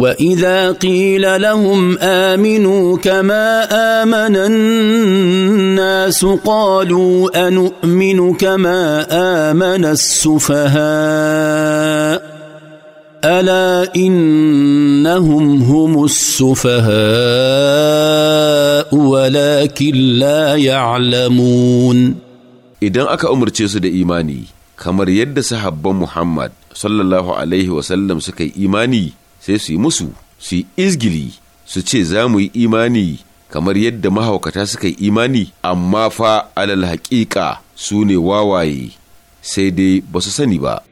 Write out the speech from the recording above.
واذا قيل لهم امنوا كما امن الناس قالوا انومن كما امن السفهاء الا انهم هم السفهاء ولكن لا يعلمون idan aka umarce su da imani kamar yadda sahabban muhammad sallallahu alaihi wasallam suka yi imani sai su yi musu su yi izgili su ce za mu yi imani kamar yadda mahaukata suka yi imani amma fa alal haƙiƙa su ne wawaye sai dai ba su sani ba